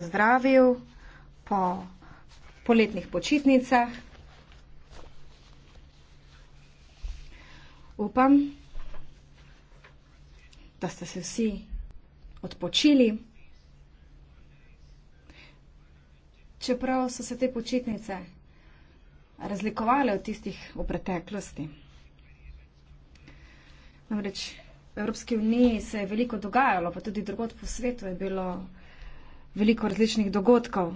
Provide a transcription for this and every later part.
zdravil po poletnih počitnicah. Upam, da ste se vsi odpočili. Čeprav so se te počitnice razlikovale od tistih v preteklosti. Namreč v Evropski uniji se je veliko dogajalo, pa tudi drugot po svetu je bilo veliko različnih dogodkov.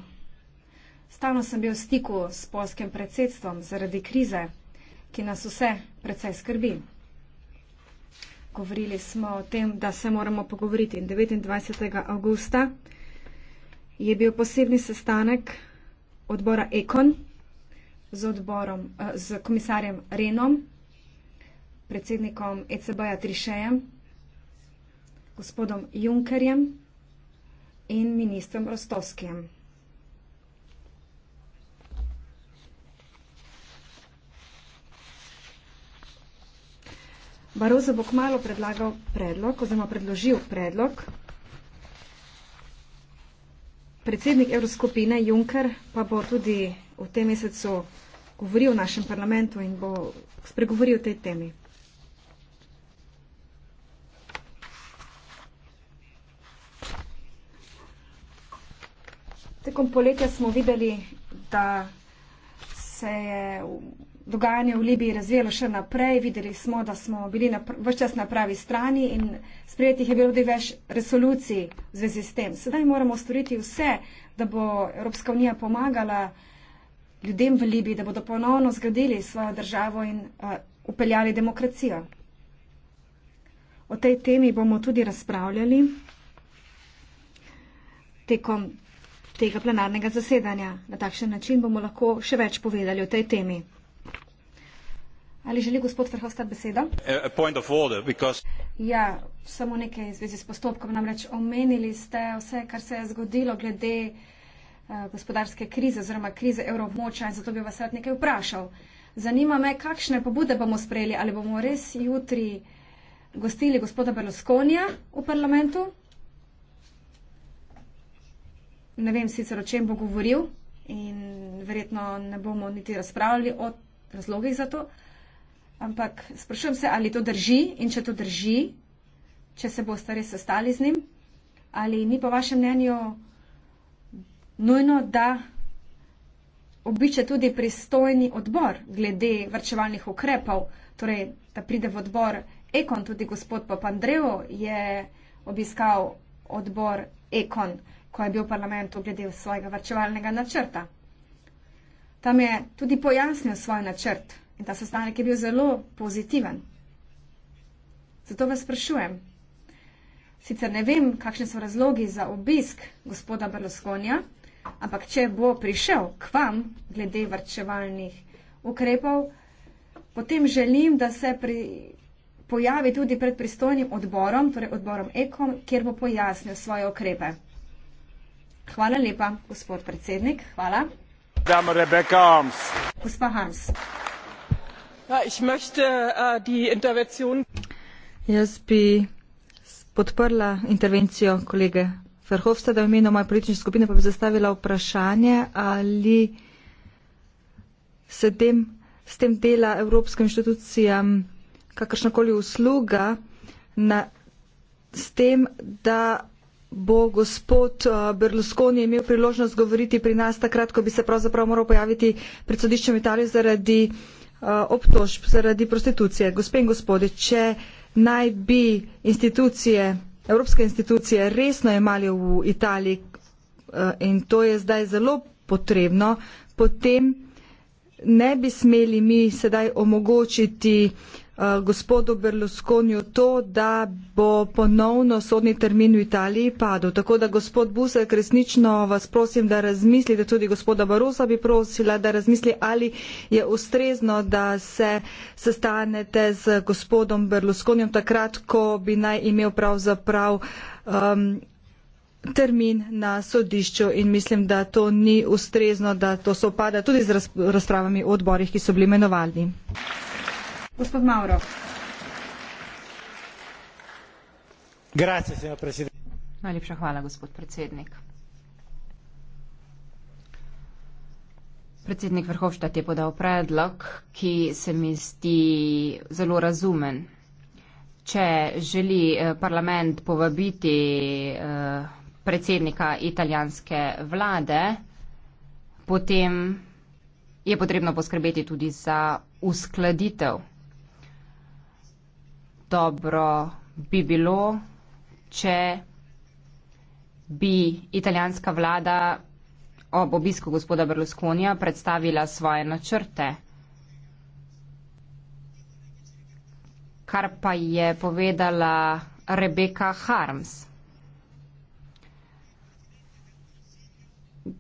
Stalno sem bil v stiku s polskim predsedstvom zaradi krize, ki nas vse precej skrbi. Govorili smo o tem, da se moramo pogovoriti. 29. augusta je bil posebni sestanek odbora Ekon z, odborom, eh, z komisarjem Renom, predsednikom ECB-ja Trišejem, gospodom Junkerjem in ministrom Rostovskijem. Barozo bo kmalo predlagal predlog oziroma predložil predlog. Predsednik Evroskupine Juncker pa bo tudi v tem mesecu govoril v našem parlamentu in bo spregovoril o tej temi. Tekom poletja smo videli, da se je dogajanje v Libiji razvijalo še naprej. Videli smo, da smo bili včas na pravi strani in sprejetih je bilo tudi več resolucij v zvezi s tem. Sedaj moramo storiti vse, da bo Evropska unija pomagala ljudem v Libiji, da bodo ponovno zgradili svojo državo in uh, upeljali demokracijo. O tej temi bomo tudi razpravljali tekom tega plenarnega zasedanja. Na takšen način bomo lahko še več povedali o tej temi. Ali želi gospod Vrhovskar besedo? A point of order, because... Ja, samo nekaj v zvezi s postopkom. Namreč omenili ste vse, kar se je zgodilo glede eh, gospodarske krize oziroma krize evromoča in zato bi vas rad nekaj vprašal. Zanima me, kakšne pobude bomo sprejeli, ali bomo res jutri gostili gospoda Berlusconija v parlamentu ne vem sicer, o čem bo govoril in verjetno ne bomo niti razpravljali o razlogih za to, ampak sprašujem se, ali to drži in če to drži, če se boste res sestali z njim, ali ni po vašem mnenju nujno, da običe tudi pristojni odbor glede vrčevalnih ukrepov, torej, da pride v odbor Ekon, tudi gospod Papandreo je obiskal odbor Ekon ko je bil v parlamentu glede svojega vrčevalnega načrta. Tam je tudi pojasnil svoj načrt in ta sestanek je bil zelo pozitiven. Zato vas sprašujem, sicer ne vem, kakšne so razlogi za obisk gospoda Berlusconija, ampak če bo prišel k vam glede vrčevalnih ukrepov, potem želim, da se pri pojavi tudi pred pristojnim odborom, torej odborom EKOM, kjer bo pojasnil svoje okrepe. Hvala lepa, gospod predsednik. Hvala. Dame Rebecca Harms. Gospa Harms. Ja, ich möchte, uh, die intervention... Jaz bi podprla intervencijo kolege Ferhovsta, da v imenu moje politične skupine pa bi zastavila vprašanje, ali se tem, s tem dela evropskim inštitucijam kakršnakoli usluga na, s tem, da bo gospod eh, Berlusconi imel priložnost govoriti pri nas takrat, ko bi se pravzaprav moral pojaviti pred sodiščem Italije zaradi eh, obtožb, zaradi prostitucije. Gospe in gospode, če naj bi institucije, evropske institucije resno imali v Italiji eh, in to je zdaj zelo potrebno, potem ne bi smeli mi sedaj omogočiti uh, Eh, gospodu Berlusconiju to, da bo ponovno sodni termin v Italiji padel. Tako da, gospod Busek, resnično vas prosim, da razmislite, tudi gospoda Barosa bi prosila, da razmisli, ali je ustrezno, da se sestanete z gospodom Berlusconijem takrat, ko bi naj imel pravzaprav. Um, termin na sodišču in mislim, da to ni ustrezno, da to sopada tudi z razpravami o odborih, ki so bili imenovani. Gospod Mauro. Grazie, signor Presidente. Najlepša hvala, gospod predsednik. Predsednik Vrhovštat je podal predlog, ki se mi zdi zelo razumen. Če želi eh, parlament povabiti eh, predsednika italijanske vlade, potem je potrebno poskrbeti tudi za uskladitev dobro bi bilo, če bi italijanska vlada ob obisku gospoda Berlusconija predstavila svoje načrte. Kar pa je povedala Rebeka Harms.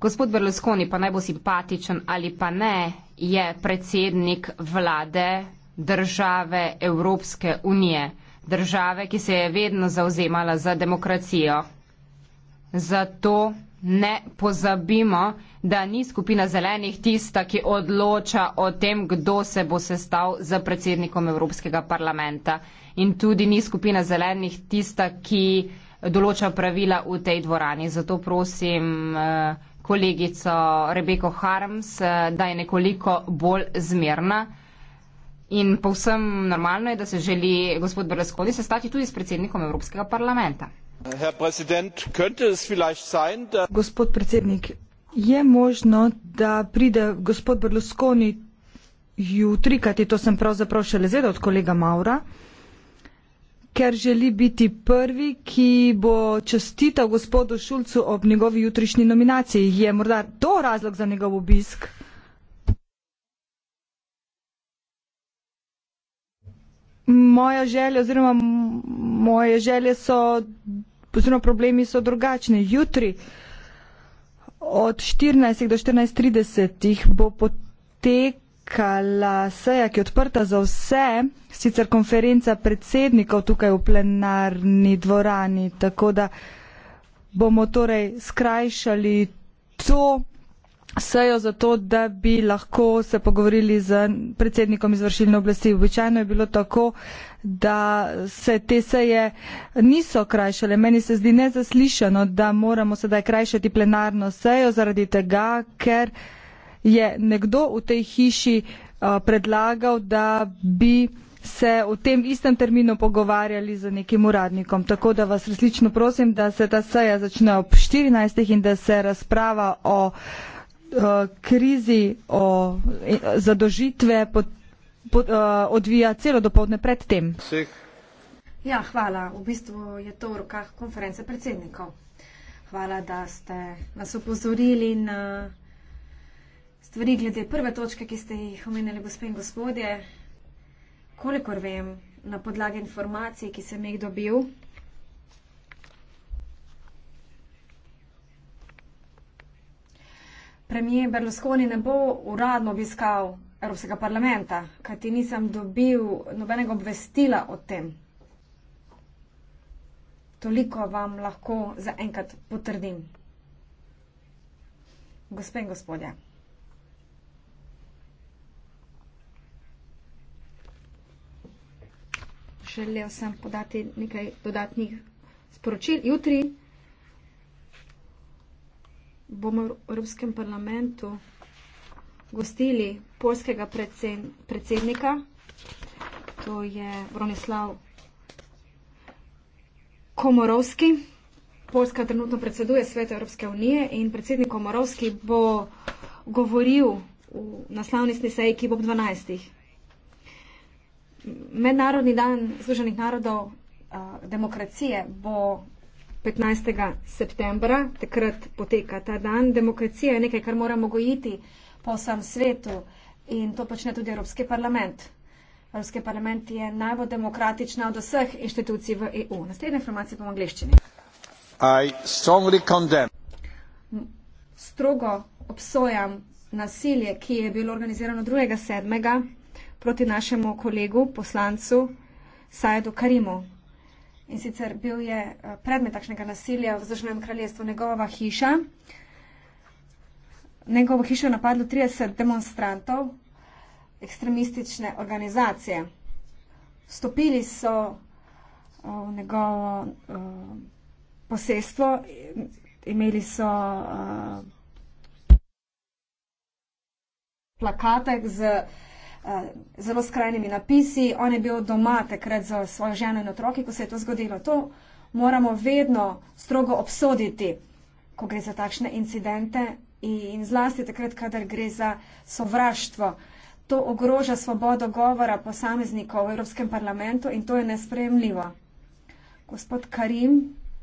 Gospod Berlusconi, pa naj bo simpatičen ali pa ne, je predsednik vlade države Evropske unije, države, ki se je vedno zauzemala za demokracijo. Zato ne pozabimo, da ni skupina zelenih tista, ki odloča o tem, kdo se bo sestal za predsednikom Evropskega parlamenta. In tudi ni skupina zelenih tista, ki določa pravila v tej dvorani. Zato prosim eh, kolegico Rebeko Harms, eh, da je nekoliko bolj zmerna. In povsem normalno je, da se želi gospod Berlusconi sestati tudi s predsednikom Evropskega parlamenta. Sein, da... Gospod predsednik, je možno, da pride gospod Berlusconi jutri, kajti to sem pravzaprav šele zvedel od kolega Maura, ker želi biti prvi, ki bo čestital gospodu Šulcu ob njegovi jutrišnji nominaciji. Je morda to razlog za njegov obisk? moja želja oziroma moje želje so, oziroma problemi so drugačni. Jutri od 14. do 14.30 jih bo potekala seja, ki je odprta za vse, sicer konferenca predsednikov tukaj v plenarni dvorani, tako da bomo torej skrajšali to sejo zato, da bi lahko se pogovorili z predsednikom izvršilne oblasti. Običajno je bilo tako, da se te seje niso krajšale. Meni se zdi nezaslišano, da moramo sedaj krajšati plenarno sejo zaradi tega, ker je nekdo v tej hiši eh, predlagal, da bi se v tem istem terminu pogovarjali z nekim uradnikom. Tako da vas resnično prosim, da se ta seja začne ob 14. in da se razprava o Eh, krizi o eh, zadožitve pod, pod, uh, eh, odvija celo dopoldne predtem. Ja, hvala. V bistvu je to v rokah konference predsednikov. Hvala, da ste nas upozorili na stvari glede prve točke, ki ste jih omenili, gospe in gospodje. Kolikor vem, na podlagi informacij, ki sem jih dobil, premijer Berlusconi ne bo uradno obiskal Evropskega parlamenta, kajti nisem dobil nobenega obvestila o tem. Toliko vam lahko zaenkrat potrdim. Gospe in gospodje. Želel sem podati nekaj dodatnih sporočil. Jutri bomo v Evropskem parlamentu gostili polskega predsed, predsednika, to je Bronislav Komorovski. Polska trenutno predseduje Svet Evropske unije in predsednik Komorovski bo govoril v naslavnostni seji, ki bo ob 12. Mednarodni dan Združenih narodov a, demokracije bo 15. septembra, takrat poteka ta dan. Demokracija je nekaj, kar moramo gojiti po vsem svetu in to počne tudi Evropski parlament. Evropski parlament je najbolj demokratična od vseh inštitucij v EU. Naslednje informacije bomo angliščini. Strogo obsojam nasilje, ki je bilo organizirano 2.7. proti našemu kolegu, poslancu Sajedu Karimu. In sicer bil je eh, predmet takšnega nasilja v Združenem kraljestvu njegova hiša. Njegovo hišo je napadlo 30 demonstrantov ekstremistične organizacije. Vstopili so eh, v njegovo uh, posestvo, imeli so uh, plakatek z uh, Eh, zelo skrajnimi napisi. On je bil doma takrat z svojo ženo in otroki, ko se je to zgodilo. To moramo vedno strogo obsoditi, ko gre za takšne incidente in zlasti takrat, kadar gre za sovraštvo. To ogroža svobodo govora posameznikov v Evropskem parlamentu in to je nespremljivo. Gospod Karim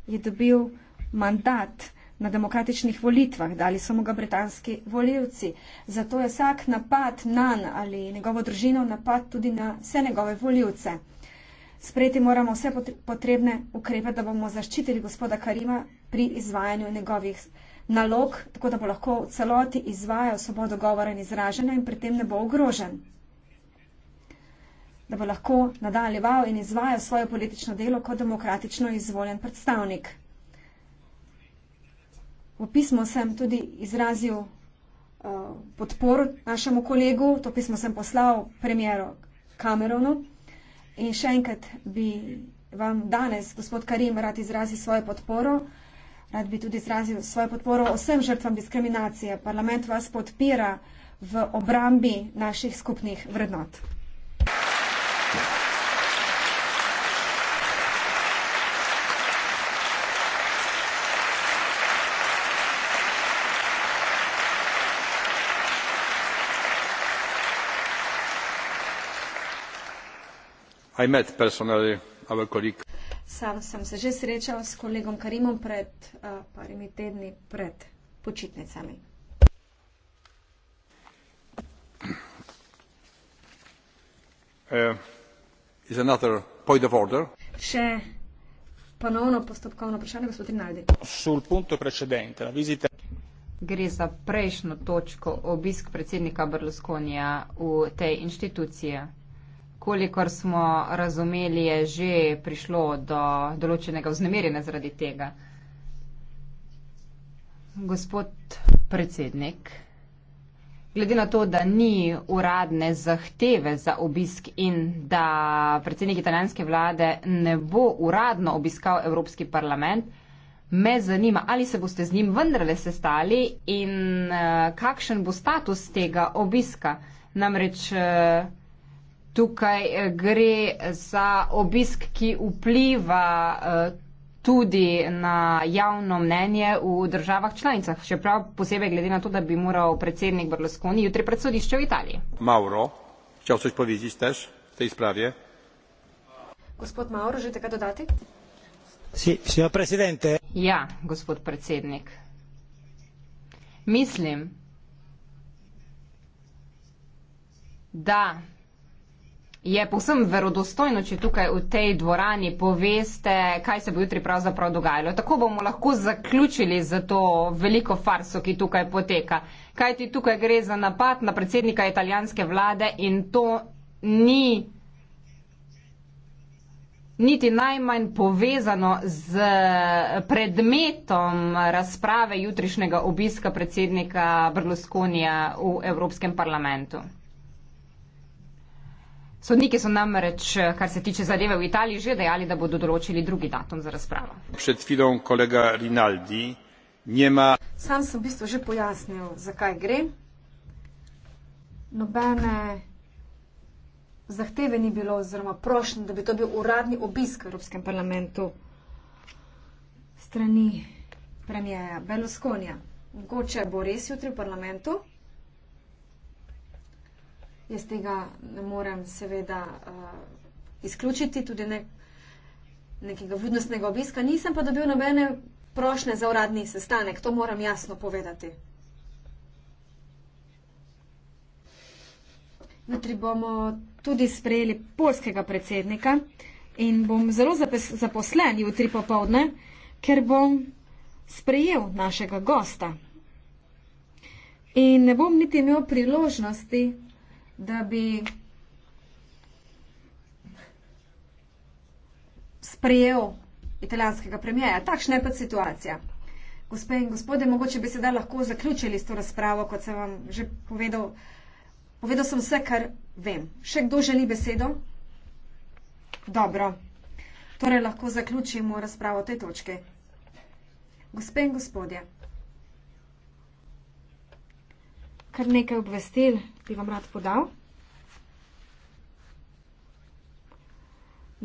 je dobil mandat na demokratičnih volitvah, dali so mu ga britanski voljivci. Zato je vsak napad nan ali njegovo družino napad tudi na vse njegove voljivce. Sprejeti moramo vse potrebne ukrepe, da bomo zaščitili gospoda Karima pri izvajanju njegovih nalog, tako da bo lahko v celoti izvajal svobodo govora in izražanja in pri tem ne bo ogrožen. Da bo lahko nadaljeval in izvajal svoje politično delo kot demokratično izvoljen predstavnik. V pismu sem tudi izrazil uh, podporo našemu kolegu, to pismo sem poslal premjeru Cameronu in še enkrat bi vam danes, gospod Karim, rad izrazil svojo podporo. Rad bi tudi izrazil svojo podporo vsem žrtvam diskriminacije. Parlament vas podpira v obrambi naših skupnih vrednot. Sam sem se že srečal s kolegom Karimom pred uh, parimi tedni, pred počitnicami. Uh, point of order. Še ponovno postopkovno vprašanje, gospod Rinaldi. Gre za prejšnjo točko obisk predsednika Berlusconija v tej inštituciji kolikor smo razumeli, je že prišlo do določenega vznemirjenja zaradi tega. Gospod predsednik, glede na to, da ni uradne zahteve za obisk in da predsednik italijanske vlade ne bo uradno obiskal Evropski parlament, me zanima, ali se boste z njim vendarle sestali in eh, kakšen bo status tega obiska. Namreč eh, tukaj eh, gre za obisk, ki vpliva eh, tudi na javno mnenje v državah članicah, še prav posebej glede na to, da bi moral predsednik Brlosconi jutri pred sodišče v Italiji. Mauro, čas se spovedi, ste v tej spravi? Gospod Mauro, želite kaj dodati? Si, si predsednik. Ja, gospod predsednik. Mislim, da je povsem verodostojno, če tukaj v tej dvorani poveste, kaj se bo jutri pravzaprav dogajalo. Tako bomo lahko zaključili za to veliko farso, ki tukaj poteka. Kaj ti tukaj gre za napad na predsednika italijanske vlade in to ni niti najmanj povezano z predmetom razprave jutrišnjega obiska predsednika Brloskonija v Evropskem parlamentu. Sodniki so namreč, kar se tiče zadeve v Italiji, že dejali, da bodo določili drugi datum za razpravo. Pred filom kolega Rinaldi njema. Sam sem v bistvu že pojasnil, zakaj gre. Nobene zahteve ni bilo oziroma prošnje, da bi to bil uradni obisk v Evropskem parlamentu strani premijeja Berlusconija. Mogoče bo res jutri v parlamentu jaz tega ne morem seveda uh, izključiti, tudi ne, nekega vljudnostnega obiska. Nisem pa dobil nobene prošle za uradni sestanek, to moram jasno povedati. Jutri bomo tudi sprejeli polskega predsednika in bom zelo zaposlen jutri popovdne, ker bom sprejel našega gosta. In ne bom niti imel priložnosti da bi sprejel italijanskega premijeja. Takšna je pa situacija. Gospe in gospode, mogoče bi se da lahko zaključili s to razpravo, kot sem vam že povedal. Povedal sem vse, kar vem. Še kdo želi besedo? Dobro. Torej lahko zaključimo razpravo te točke. Gospe in gospodje. kar nekaj obvestil bi vam rad podal.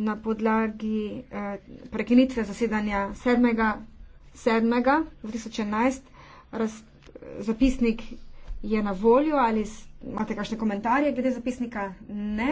Na podlagi eh, prekinitve zasedanja 7.7.2011 zapisnik je na voljo ali imate kakšne komentarje glede zapisnika? Ne,